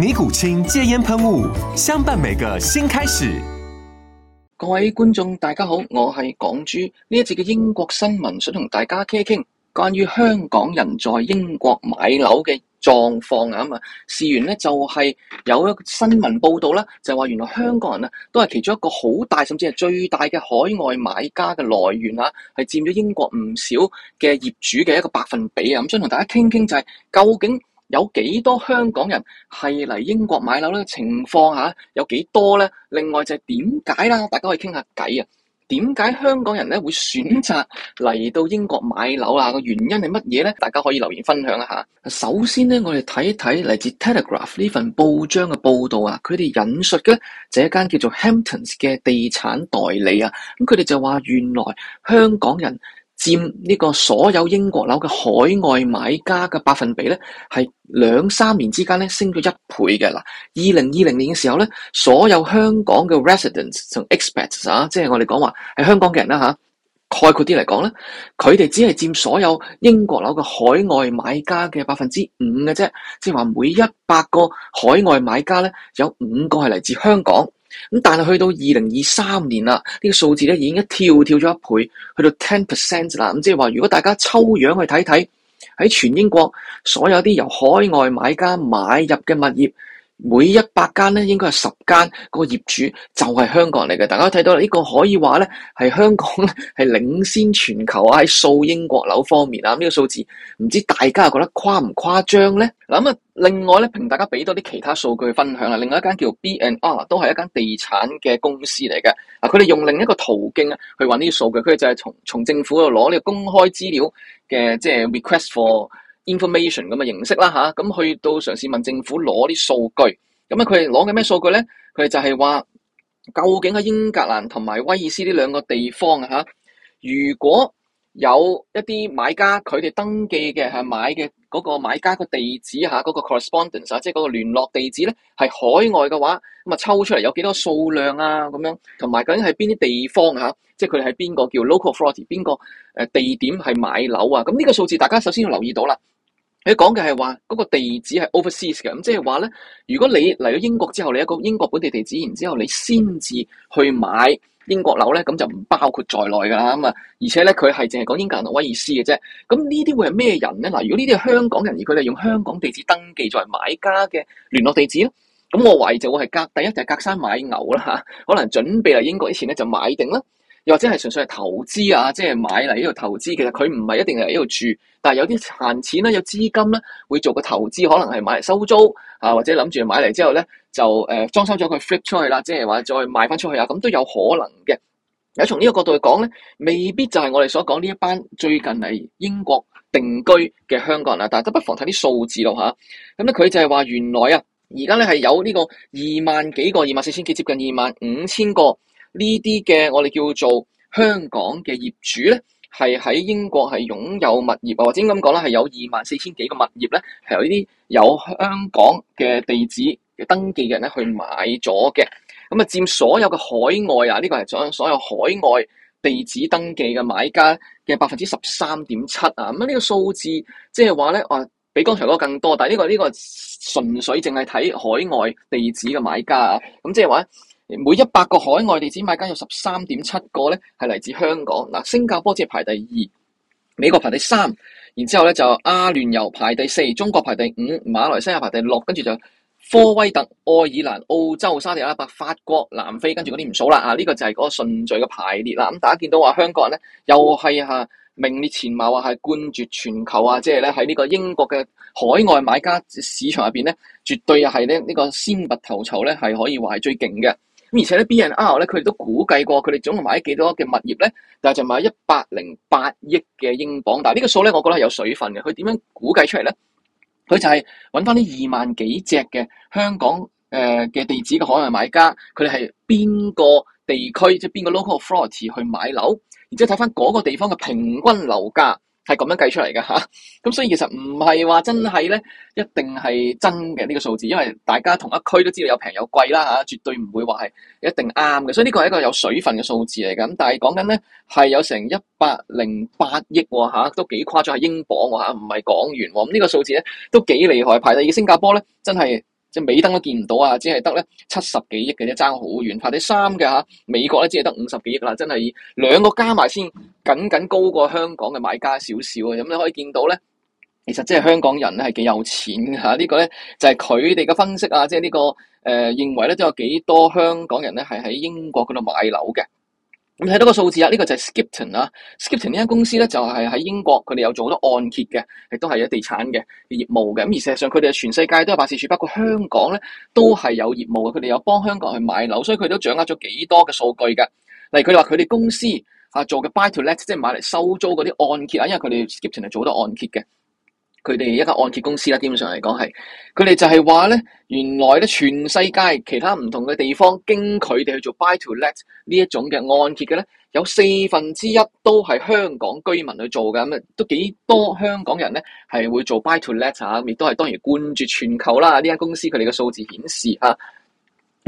尼古清戒煙噴霧，相伴每個新開始。各位觀眾，大家好，我係港豬。呢一集嘅英國新聞想同大家傾一傾，關於香港人在英國買樓嘅狀況啊咁啊。事源咧就係、是、有一個新聞報道啦，就係話原來香港人啊都係其中一個好大甚至係最大嘅海外買家嘅來源啊，係佔咗英國唔少嘅業主嘅一個百分比啊。咁、嗯、想同大家傾一傾、就是，就係究竟。有幾多香港人係嚟英國買樓咧？情況嚇有幾多呢？另外就係點解啦？大家可以傾下偈啊！點解香港人咧會選擇嚟到英國買樓啊？個原因係乜嘢呢？大家可以留言分享一下。首先咧，我哋睇一睇嚟自《Telegraph》呢份報章嘅報導啊！佢哋引述嘅就一間叫做 Hamptons 嘅地產代理啊，咁佢哋就話原來香港人，佔呢個所有英國樓嘅海外買家嘅百分比呢，係兩三年之間呢升咗一倍嘅。嗱，二零二零年嘅時候呢，所有香港嘅 residents 同 expats e 啊，即係我哋講話係香港嘅人啦嚇、啊，概括啲嚟講呢，佢哋只係佔所有英國樓嘅海外買家嘅百分之五嘅啫，即係話每一百個海外買家呢，有五個係嚟自香港。咁但係去到二零二三年啦，呢、這個數字咧已經一跳跳咗一倍，去到 ten percent 啦。咁即係話，如果大家抽樣去睇睇，喺全英國所有啲由海外買家買入嘅物業。每一百間咧，應該係十間個業主就係香港嚟嘅。大家睇到呢個可以話咧，係香港咧係領先全球喺掃英國樓方面啊！呢個數字唔知大家覺得誇唔誇張咧？嗱，咁啊，另外咧，平大家俾多啲其他數據分享啊。另外一間叫 B and R 都係一間地產嘅公司嚟嘅。啊，佢哋用另一個途徑咧去搵呢啲數據，佢哋就係從從政府度攞呢個公開資料嘅，即係 request for information 咁嘅形式啦吓，咁去到嘗試問政府攞啲數據，咁啊佢哋攞嘅咩數據咧？佢哋就係話，究竟喺英格蘭同埋威爾斯呢兩個地方啊嚇，如果，有一啲買家，佢哋登記嘅，係買嘅嗰個買家個地址吓，嗰、啊那個 correspondence 啊,即係嗰個聯絡地址咧，係、啊、海外嘅話，咁啊抽出嚟有幾多數量啊，咁樣，同埋究竟係邊啲地方吓、啊，即係佢哋係邊個叫 local property 邊個誒地點係買樓啊，咁呢個數字大家首先要留意到啦。你講嘅係話嗰個地址係 overseas 嘅，咁、啊、即係話咧，如果你嚟咗英國之後，你一個英國本地地址，然之後你先至去買。英國樓咧，咁就唔包括在內噶啦咁啊，而且咧佢係淨係講英格蘭同威爾斯嘅啫。咁呢啲會係咩人咧？嗱，如果呢啲係香港人，而佢哋用香港地址登記作為買家嘅聯絡地址咧，咁我懷疑就會係隔第一就係隔山買牛啦吓，啊，可能準備嚟英國之前咧就買定啦。又或者係純粹係投資啊，即、就、係、是、買嚟呢度投資，其實佢唔係一定係呢度住，但係有啲閒錢咧、啊，有資金咧、啊，會做個投資，可能係買嚟收租啊，或者諗住買嚟之後咧，就誒、呃、裝修咗佢 fit 出去啦，即係話再賣翻出去啊，咁、就是啊、都有可能嘅。有從呢個角度嚟講咧，未必就係我哋所講呢一班最近嚟英國定居嘅香港人啊，大家不妨睇啲數字咯、啊、嚇。咁咧佢就係話原來啊，而家咧係有呢個二萬幾個、二萬四千幾、接近二萬五千個。呢啲嘅我哋叫做香港嘅業主咧，係喺英國係擁有物業啊，或者咁講啦，係有二萬四千幾個物業咧，係由呢啲有香港嘅地址嘅登記人咧去買咗嘅。咁啊，佔所有嘅海外啊，呢個係講所有海外地址登記嘅買家嘅百分之十三點七啊。咁啊，呢個數字即係話咧，啊比剛才嗰個更多，但係呢個呢個純粹淨係睇海外地址嘅買家啊。咁即係話每一百個海外地址買家有十三點七個咧，係嚟自香港。嗱，新加坡只係排第二，美國排第三，然之後咧就阿聯酋排第四，中國排第五，馬來西亞排第六，跟住就科威特、愛爾蘭、澳洲、沙地阿拉伯、法國、南非，跟住嗰啲唔數啦。啊，呢個就係嗰個順序嘅排列啦。咁、啊、大家見到話香港人咧，又係嚇、啊、名列前茅啊，係冠絕全球啊，即係咧喺呢個英國嘅海外買家市場入邊咧，絕對又係咧呢個先拔頭籌咧，係可以話係最勁嘅。而且咧，B&R n 咧，佢哋都估計過佢哋總共買幾多嘅物業咧？但係就係、買一百零八億嘅英鎊。但係呢個數咧，我覺得係有水分嘅。佢點樣估計出嚟咧？佢就係揾翻啲二萬幾隻嘅香港誒嘅、呃、地址嘅海外買家，佢哋係邊個地區，即係邊個 local floor 去買樓，然之後睇翻嗰個地方嘅平均樓價。係咁樣計出嚟噶嚇，咁、啊、所以其實唔係話真係咧，一定係真嘅呢、這個呢個數字，因為大家同一區都知道有平有貴啦嚇、啊，絕對唔會話係一定啱嘅，所以呢個係一個有水分嘅數字嚟㗎。但係講緊咧係有成一百零八億喎、啊、都幾誇張係英鎊喎，唔係港元喎。咁、啊、呢、嗯呢個數字咧都幾厲害，排第二新加坡咧真係。即係尾燈都見唔到啊！只係得咧七十幾億嘅啫，爭好遠。排第三嘅嚇，美國咧只係得五十幾億啦，真係兩個加埋先，僅僅高過香港嘅買家少少啊！咁你可以見到咧，其實即係香港人咧係幾有錢嘅嚇、這個、呢個咧就係佢哋嘅分析啊！即係、這、呢個誒、呃、認為咧都有幾多香港人咧係喺英國嗰度買樓嘅。咁睇到個數字啊，呢個就係 Skipton 啊。Skipton 呢間公司呢，就係喺英國，佢哋有做好多按揭嘅，亦都係有地產嘅業務嘅。咁而事實上佢哋喺全世界都有辦事處，包括香港呢，都係有業務嘅。佢哋有幫香港去買樓，所以佢都掌握咗幾多嘅數據㗎。例如佢話佢哋公司做嘅 buy to let 即係買嚟收租嗰啲按揭啊，因為佢哋 Skipton 係做好多按揭嘅。佢哋一家按揭公司啦，基本上嚟講係，佢哋就係話咧，原來咧全世界其他唔同嘅地方經佢哋去做 buy to let 呢一種嘅按揭嘅咧，有四分之一都係香港居民去做嘅，咁啊都幾多香港人咧係會做 buy to let 啊，亦都係當然冠絕全球啦，呢間公司佢哋嘅數字顯示啊。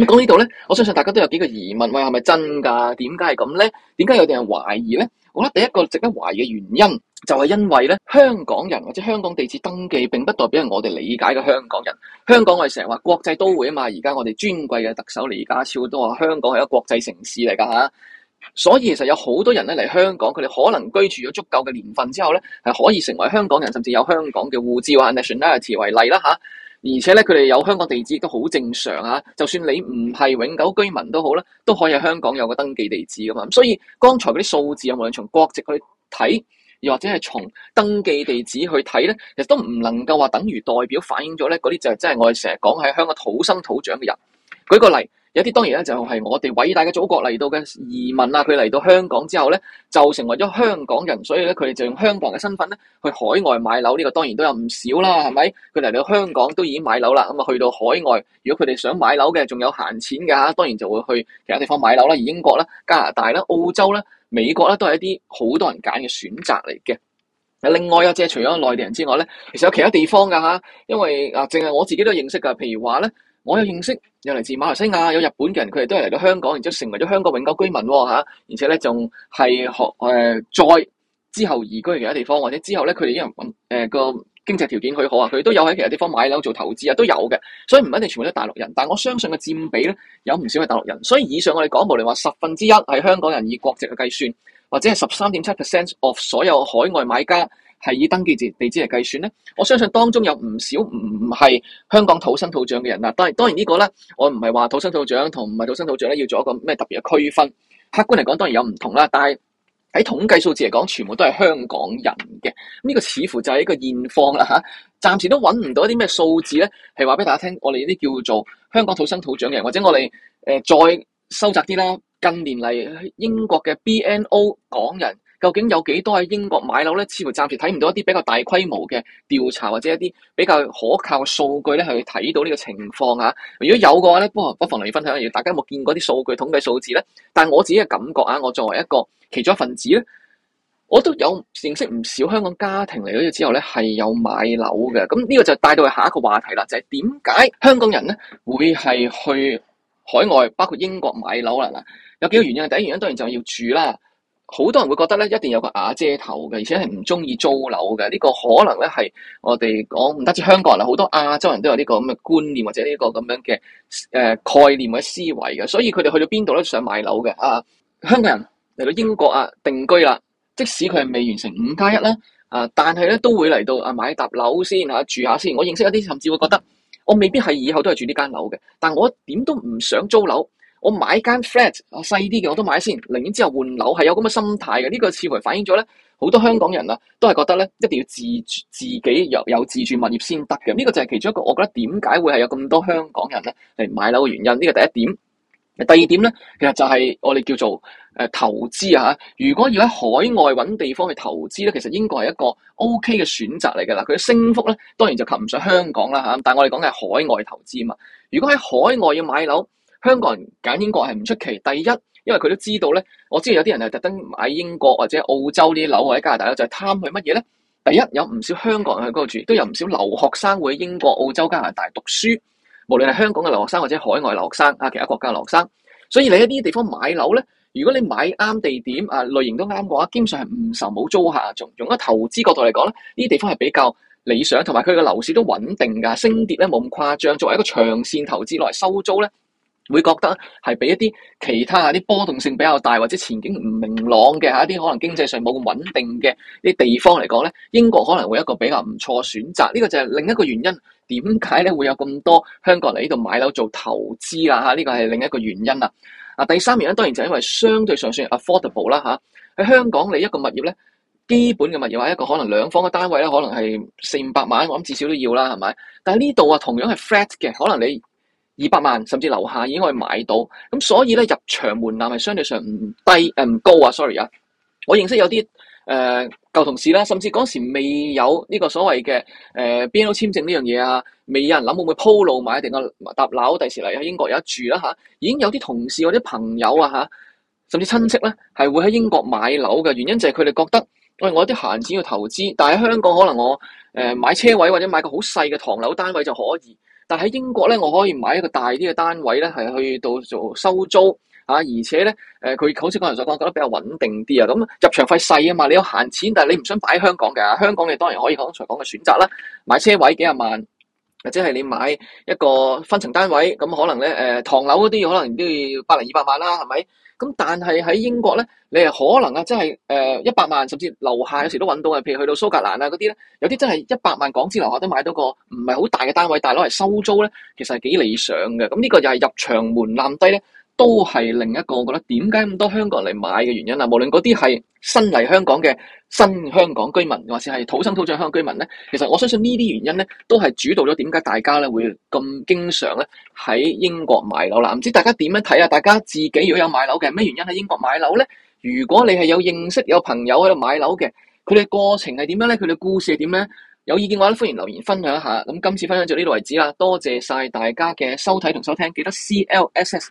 講呢度呢，我相信大家都有幾個疑問，喂，係咪真噶？點解係咁呢？點解有啲人懷疑呢？我覺得第一個值得懷疑嘅原因，就係因為呢，香港人或者香港地址登記，並不代表係我哋理解嘅香港人。香港我哋成日話國際都會啊嘛，而家我哋尊貴嘅特首李家超都話香港係一個國際城市嚟噶吓，所以其實有好多人呢嚟香港，佢哋可能居住咗足夠嘅年份之後呢，係可以成為香港人，甚至有香港嘅護照啊 （nationality） 為例啦吓。啊而且咧，佢哋有香港地址都好正常啊！就算你唔係永久居民都好啦，都可以喺香港有個登記地址噶嘛。咁所以，剛才嗰啲數字無論從國籍去睇，又或者係從登記地址去睇咧，其實都唔能夠話等於代表反映咗咧嗰啲就真係我哋成日講，係香港土生土長嘅人。舉個例。有啲當然咧，就係我哋偉大嘅祖國嚟到嘅移民啊！佢嚟到香港之後咧，就成為咗香港人，所以咧佢哋就用香港人嘅身份咧去海外買樓。呢個當然都有唔少啦，係咪？佢嚟到香港都已經買樓啦，咁啊去到海外，如果佢哋想買樓嘅，仲有閒錢嘅嚇，當然就會去其他地方買樓啦。而英國啦、加拿大啦、澳洲啦、美國咧，都係一啲好多人揀嘅選擇嚟嘅。另外啊，即係除咗內地人之外咧，其實有其他地方嘅嚇，因為啊，淨係我自己都認識噶，譬如話咧。我有認識，有嚟自馬來西亞，有日本嘅人，佢哋都係嚟到香港，然之後成為咗香港永久居民喎嚇。而且咧仲係學誒再之後移居其他地方，或者之後咧佢哋因為誒、呃、個經濟條件許好啊，佢都有喺其他地方買樓做投資啊，都有嘅。所以唔一定全部都係大陸人，但我相信嘅佔比咧有唔少係大陸人。所以以上我哋講，無論話十分之一係香港人以國籍嘅計算，或者係十三點七 percent of 所有海外買家。係以登記地地址嚟計算咧，我相信當中有唔少唔係香港土生土長嘅人嗱。但係當然個呢個咧，我唔係話土生土長同唔係土生土長咧要做一個咩特別嘅區分。客觀嚟講，當然有唔同啦。但係喺統計數字嚟講，全部都係香港人嘅。呢、嗯呢個似乎就係一個現況啦嚇、啊。暫時都揾唔到一啲咩數字咧，係話俾大家聽。我哋呢啲叫做香港土生土長嘅人，或者我哋誒、呃、再收窄啲啦。近年嚟英國嘅 BNO 港人。究竟有幾多喺英國買樓咧？似乎暫時睇唔到一啲比較大規模嘅調查，或者一啲比較可靠嘅數據咧，去睇到呢個情況嚇。如果有嘅話咧，不不妨嚟分享，大家有冇見過啲數據統計數字咧？但係我自己嘅感覺啊，我作為一個其中一份子咧，我都有認識唔少香港家庭嚟咗之後咧係有買樓嘅。咁呢個就帶到去下一個話題啦，就係點解香港人咧會係去海外，包括英國買樓啦？嗱，有幾個原因。第一原因當然就係要住啦。好多人會覺得咧，一定有個瓦遮頭嘅，而且係唔中意租樓嘅。呢、這個可能咧係我哋講唔單止香港人啦，好多亞洲人都有呢個咁嘅觀念或者呢個咁樣嘅誒、呃、概念嘅思維嘅。所以佢哋去到邊度都想買樓嘅。啊、呃，香港人嚟到英國啊定居啦，即使佢係未完成五加、啊、一咧，啊，但係咧都會嚟到啊買一棟樓先啊住下先。我認識一啲甚至會覺得我未必係以後都係住呢間樓嘅，但我點都唔想租樓。我買間 flat，細啲嘅我都買先，寧願之後換樓，係有咁嘅心態嘅。呢、這個似乎反映咗咧，好多香港人啊，都係覺得咧一定要自住，自己有有自住物業先得嘅。呢、這個就係其中一個，我覺得點解會係有咁多香港人咧嚟買樓嘅原因。呢個第一點。第二點咧，其實就係我哋叫做誒、呃、投資啊嚇。如果要喺海外搵地方去投資咧，其實應該係一個 OK 嘅選擇嚟嘅啦。佢嘅升幅咧，當然就及唔上香港啦嚇。但係我哋講嘅係海外投資啊嘛。如果喺海外要買樓，香港人揀英國係唔出奇，第一，因為佢都知道咧。我知有啲人係特登買英國或者澳洲啲樓或者加拿大咧，就係貪佢乜嘢咧？第一，有唔少香港人去嗰度住，都有唔少留學生會喺英國、澳洲、加拿大讀書，無論係香港嘅留學生或者海外留學生啊，其他國家留學生。所以你喺呢啲地方買樓咧，如果你買啱地點啊，類型都啱嘅話，基本上係唔愁冇租客。從從一個投資角度嚟講咧，呢啲地方係比較理想，同埋佢嘅樓市都穩定㗎，升跌咧冇咁誇張。作為一個長線投資落嚟收租咧。會覺得係比一啲其他啲波動性比較大，或者前景唔明朗嘅嚇，一啲可能經濟上冇咁穩定嘅啲地方嚟講咧，英國可能會有一個比較唔錯選擇。呢、這個就係另一個原因，點解咧會有咁多香港人嚟呢度買樓做投資啦？嚇，呢個係另一個原因啊！啊，第三原因當然就係因為相對上算 affordable 啦嚇。喺香港你一個物業咧，基本嘅物業啊，一個可能兩方嘅單位咧，可能係四五百萬，我諗至少都要啦，係咪？但係呢度啊，同樣係 flat 嘅，可能你。二百萬甚至樓下已經可以買到，咁所以咧，入場門檻係相對上唔低誒唔高啊，sorry 啊，我認識有啲誒舊同事啦，甚至嗰時未有呢個所謂嘅誒、呃、BNO 簽證呢樣嘢啊，未有人諗會唔會鋪路買定個搭樓，第時嚟喺英國有一住啦、啊、吓，已經有啲同事或者啲朋友啊吓，甚至親戚咧係會喺英國買樓嘅原因就係佢哋覺得，喂、哎、我有啲閒錢要投資，但係喺香港可能我誒、呃、買車位或者買個好細嘅唐樓單位就可以。但喺英國咧，我可以買一個大啲嘅單位咧，係去到做收租嚇、啊，而且咧，誒、呃、佢好似嗰陣所講，覺得比較穩定啲啊。咁、嗯、入場費細啊嘛，你有閒錢，但係你唔想擺喺香港嘅。香港你當然可以講，剛才講嘅選擇啦，買車位幾廿萬。或者係你買一個分層單位，咁可能咧誒、呃，唐樓嗰啲可能都要百零二百萬啦，係咪？咁但係喺英國咧，你係可能啊、就係，即係誒一百萬，甚至樓下有時都揾到啊，譬如去到蘇格蘭啊嗰啲咧，有啲真係一百萬港紙樓下都買到個唔係好大嘅單位，大佬係收租咧，其實係幾理想嘅。咁呢個又係入場門檻低咧。都係另一個我覺得點解咁多香港人嚟買嘅原因啦、啊，無論嗰啲係新嚟香港嘅新香港居民，或者係土生土長香港居民呢，其實我相信呢啲原因呢，都係主導咗點解大家呢會咁經常呢喺英國買樓啦。唔知大家點樣睇啊？大家自己如果有買樓嘅，咩原因喺英國買樓呢？如果你係有認識有朋友喺度買樓嘅，佢哋過程係點樣呢？佢哋故事係點呢？有意見嘅話咧，歡迎留言分享一下。咁今次分享就呢度為止啦，多謝晒大家嘅收睇同收聽，記得 C L S S。